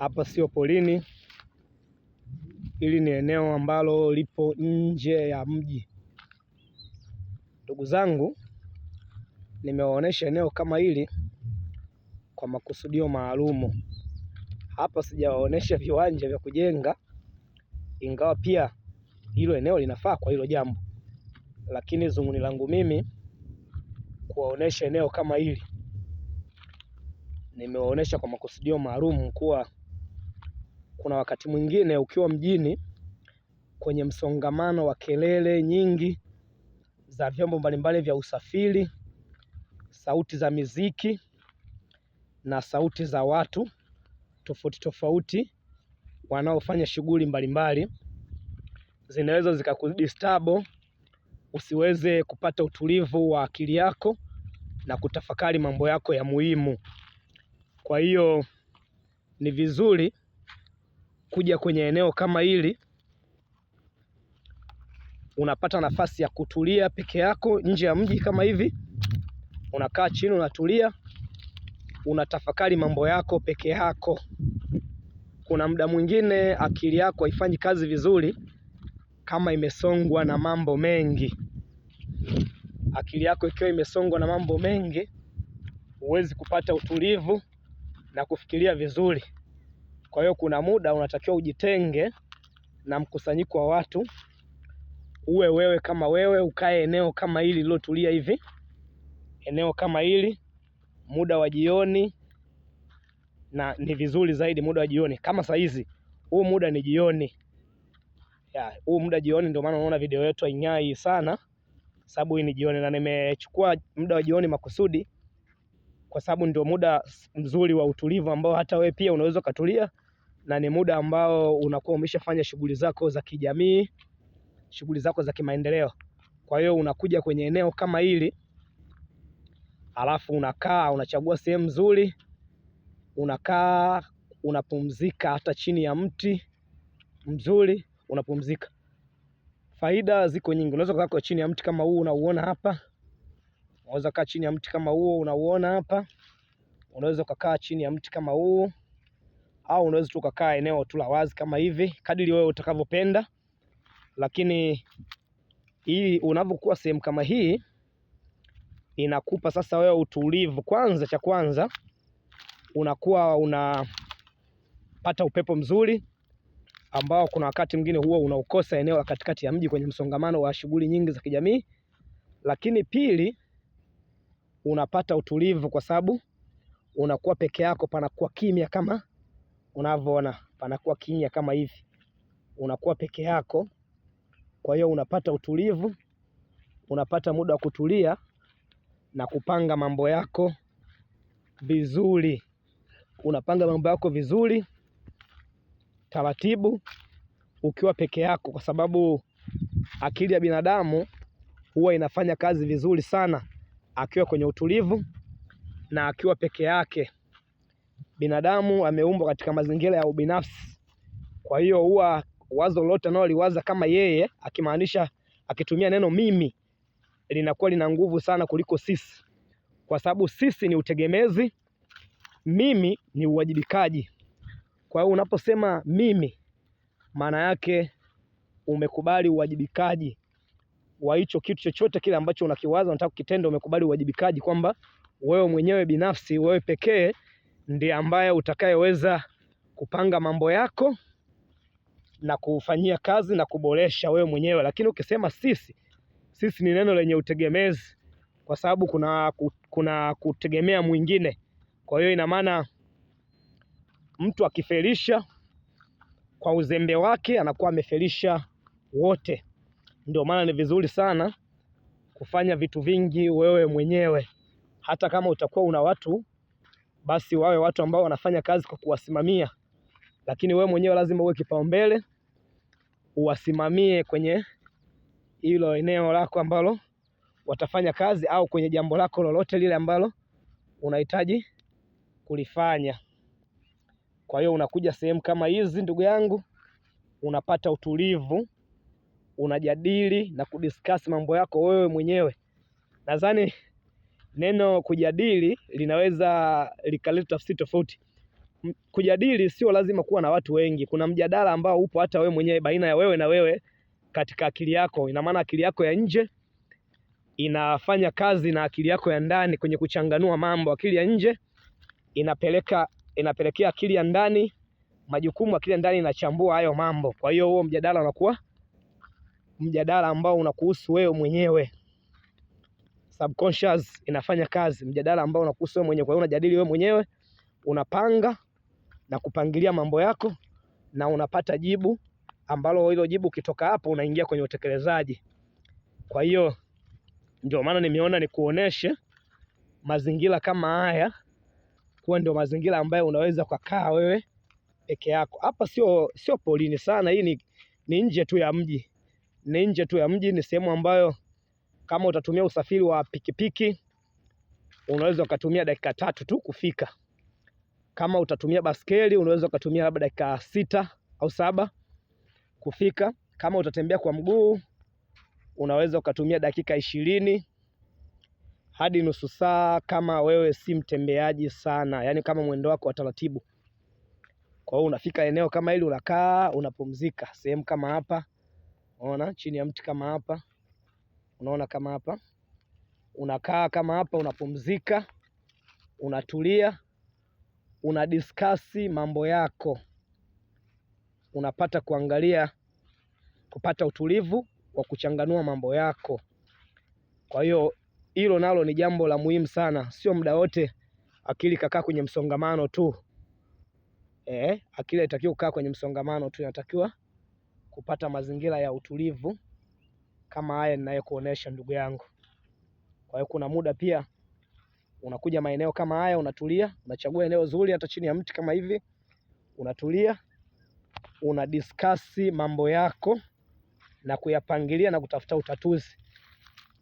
Hapa sio polini, hili ni eneo ambalo lipo nje ya mji. Ndugu zangu, nimewaonyesha eneo kama hili kwa makusudio maalumu. Hapa sijawaonyesha viwanja vya kujenga, ingawa pia hilo eneo linafaa kwa hilo jambo, lakini zunguni langu mimi kuwaonyesha eneo kama hili nimewaonyesha kwa makusudio maalum kuwa kuna wakati mwingine ukiwa mjini kwenye msongamano wa kelele nyingi za vyombo mbalimbali vya usafiri, sauti za miziki na sauti za watu tofauti tofauti wanaofanya shughuli mbalimbali, zinaweza zikakudisturb usiweze kupata utulivu wa akili yako na kutafakari mambo yako ya muhimu. Kwa hiyo ni vizuri kuja kwenye eneo kama hili unapata nafasi ya kutulia peke yako nje ya mji kama hivi, unakaa chini, unatulia, unatafakari mambo yako peke yako. Kuna muda mwingine akili yako haifanyi kazi vizuri kama imesongwa na mambo mengi. Akili yako ikiwa imesongwa na mambo mengi, huwezi kupata utulivu na kufikiria vizuri. Kwa hiyo kuna muda unatakiwa ujitenge na mkusanyiko wa watu, uwe wewe kama wewe, ukae eneo kama hili lilotulia hivi, eneo kama hili muda wa jioni, na ni vizuri zaidi muda wa jioni kama saa hizi. Huu muda ni jioni ya, huu muda jioni, ndio maana unaona video yetu haing'ai sana, sababu hii ni jioni, na nimechukua muda wa jioni makusudi, kwa sababu ndio muda mzuri wa utulivu ambao hata wewe pia unaweza ukatulia na ni muda ambao unakuwa umeshafanya shughuli zako za kijamii, shughuli zako za kimaendeleo. Kwa hiyo unakuja kwenye eneo kama hili, alafu unakaa, unachagua sehemu nzuri, unakaa, unapumzika, hata chini ya mti mzuri unapumzika. Faida ziko nyingi. Unaweza kukaa kwa chini ya mti kama huu unauona hapa, unaweza kukaa chini ya mti kama huo unauona hapa, unaweza kukaa chini ya mti kama huu au unaweza tu ukakaa eneo tu la wazi kama hivi, kadiri wewe utakavyopenda. Lakini ili unavyokuwa sehemu kama hii, inakupa sasa wewe utulivu kwanza. Cha kwanza unakuwa unapata upepo mzuri ambao kuna wakati mwingine huwa unaukosa eneo la katikati ya mji kwenye msongamano wa shughuli nyingi za kijamii. Lakini pili, unapata utulivu kwa sababu unakuwa peke yako, panakuwa kimya kama unavyoona panakuwa kimya kama hivi, unakuwa peke yako. Kwa hiyo unapata utulivu, unapata muda wa kutulia na kupanga mambo yako vizuri. Unapanga mambo yako vizuri taratibu, ukiwa peke yako, kwa sababu akili ya binadamu huwa inafanya kazi vizuri sana akiwa kwenye utulivu na akiwa peke yake binadamu ameumbwa katika mazingira ya ubinafsi. Kwa hiyo huwa wazo lolote analoliwaza kama yeye, akimaanisha akitumia neno mimi, linakuwa lina nguvu sana kuliko sisi, kwa sababu sisi ni utegemezi, mimi ni uwajibikaji. Kwa hiyo unaposema mimi, maana yake umekubali uwajibikaji wa hicho kitu chochote kile ambacho unakiwaza, unataka kukitenda, umekubali uwajibikaji kwamba wewe mwenyewe binafsi, wewe pekee ndiye ambaye utakayeweza kupanga mambo yako na kufanyia kazi na kuboresha wewe mwenyewe. Lakini ukisema sisi, sisi ni neno lenye utegemezi, kwa sababu kuna, kuna kutegemea mwingine. Kwa hiyo ina maana mtu akifelisha kwa uzembe wake anakuwa amefelisha wote. Ndio maana ni vizuri sana kufanya vitu vingi wewe mwenyewe, hata kama utakuwa una watu basi wawe watu ambao wanafanya kazi kwa kuwasimamia, lakini wewe mwenyewe lazima uwe kipaumbele, uwasimamie kwenye hilo eneo lako ambalo watafanya kazi au kwenye jambo lako lolote lile ambalo unahitaji kulifanya. Kwa hiyo unakuja sehemu kama hizi, ndugu yangu, unapata utulivu, unajadili na kudiskasi mambo yako wewe mwenyewe. Nadhani neno kujadili linaweza likaleta tafsiri tofauti. Kujadili sio lazima kuwa na watu wengi. Kuna mjadala ambao upo hata wewe mwenyewe baina ya wewe na wewe katika akili yako. Ina maana akili yako ya nje inafanya kazi na akili yako ya ndani kwenye kuchanganua mambo. Akili ya nje inapeleka inapelekea akili ya ndani majukumu, akili ya ndani inachambua hayo mambo. Kwa hiyo huo mjadala unakuwa mjadala ambao unakuhusu wewe mwenyewe subconscious inafanya kazi, mjadala ambao unakuhusu wewe mwenyewe. Kwa hiyo unajadili wewe mwenyewe, unapanga na kupangilia mambo yako na unapata jibu ambalo hilo jibu ukitoka hapo unaingia kwenye utekelezaji. Kwa hiyo ndio maana nimeona nikuoneshe mazingira kama haya kuwa ndio mazingira ambayo unaweza kukaa wewe peke yako. Hapa sio sio polini sana, hii ni, ni nje tu ya mji, ni nje tu ya mji, ni sehemu ambayo kama utatumia usafiri wa pikipiki unaweza ukatumia dakika tatu tu kufika. Kama utatumia baskeli unaweza ukatumia labda dakika sita au saba kufika. Kama utatembea kwa mguu unaweza ukatumia dakika ishirini hadi nusu saa, kama wewe si mtembeaji sana, yaani kama mwendo wako wa taratibu. Kwa hiyo unafika eneo kama hili unakaa unapumzika, sehemu kama hapa, unaona chini ya mti kama hapa. Unaona kama hapa unakaa kama hapa, unapumzika, unatulia, unadiskasi mambo yako, unapata kuangalia, kupata utulivu wa kuchanganua mambo yako. Kwa hiyo hilo nalo ni jambo la muhimu sana, sio muda wote akili kakaa kwenye msongamano tu. Eh, akili haitakiwi kukaa kwenye msongamano tu, inatakiwa kupata mazingira ya utulivu kama haya ninayokuonesha ndugu yangu. Kwa hiyo kuna muda pia unakuja maeneo kama haya, unatulia, unachagua eneo zuri, hata chini ya mti kama hivi, unatulia, una discuss mambo yako na kuyapangilia na kutafuta utatuzi.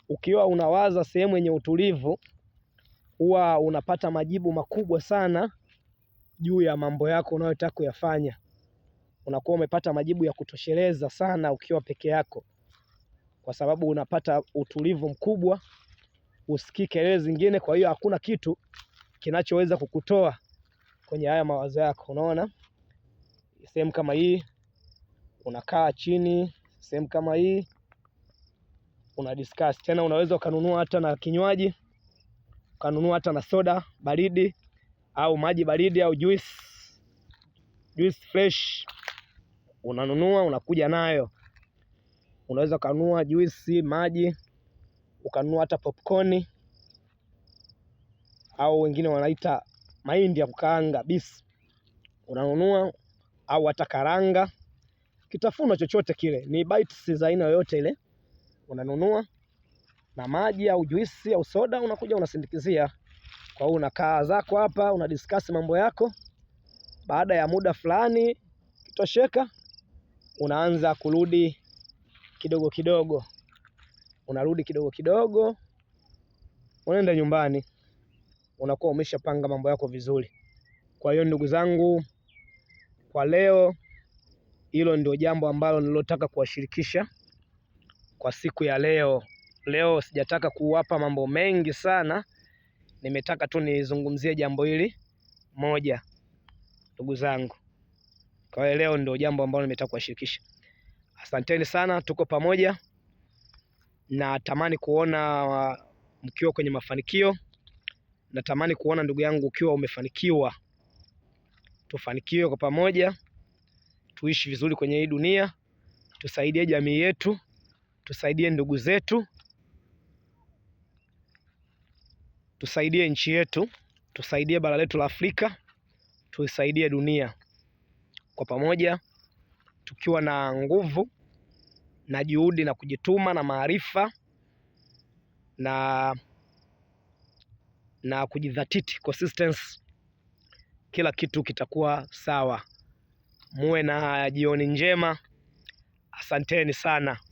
Ukiwa unawaza sehemu yenye utulivu, huwa unapata majibu makubwa sana juu ya mambo yako unayotaka kuyafanya. Unakuwa umepata majibu ya kutosheleza sana ukiwa peke yako kwa sababu unapata utulivu mkubwa, usikii kelele zingine. Kwa hiyo hakuna kitu kinachoweza kukutoa kwenye haya mawazo yako. Unaona, sehemu kama hii unakaa chini, sehemu kama hii una discuss. Tena unaweza ukanunua hata na kinywaji, ukanunua hata na soda baridi au maji baridi au juice, juice fresh unanunua unakuja nayo Unaweza ukanunua juisi, maji, ukanunua hata popcorn au wengine wanaita mahindi ya kukaanga bis, unanunua au hata karanga, kitafuno chochote kile, ni bites za aina yoyote ile, unanunua na maji au juisi au soda, unakuja unasindikizia. Kwa hiyo unakaa zako hapa, una mambo yako. Baada ya muda fulani kitosheka unaanza kurudi kidogo kidogo, unarudi kidogo kidogo, unaenda nyumbani, unakuwa umeshapanga mambo yako vizuri. Kwa hiyo ndugu zangu, kwa leo hilo ndio jambo ambalo nilotaka kuwashirikisha kwa siku ya leo. Leo sijataka kuwapa mambo mengi sana, nimetaka tu nizungumzie jambo hili moja, ndugu zangu. Kwa hiyo leo ndio jambo ambalo nimetaka kuwashirikisha. Asanteni sana, tuko pamoja na tamani kuona uh, mkiwa kwenye mafanikio. Natamani kuona ndugu yangu ukiwa umefanikiwa. Tufanikiwe kwa pamoja, tuishi vizuri kwenye hii dunia, tusaidie jamii yetu, tusaidie ndugu zetu, tusaidie nchi yetu, tusaidie bara letu la Afrika, tuisaidie dunia kwa pamoja, tukiwa na nguvu na juhudi na kujituma na maarifa na, na kujidhatiti consistency, kila kitu kitakuwa sawa. Muwe na jioni njema, asanteni sana.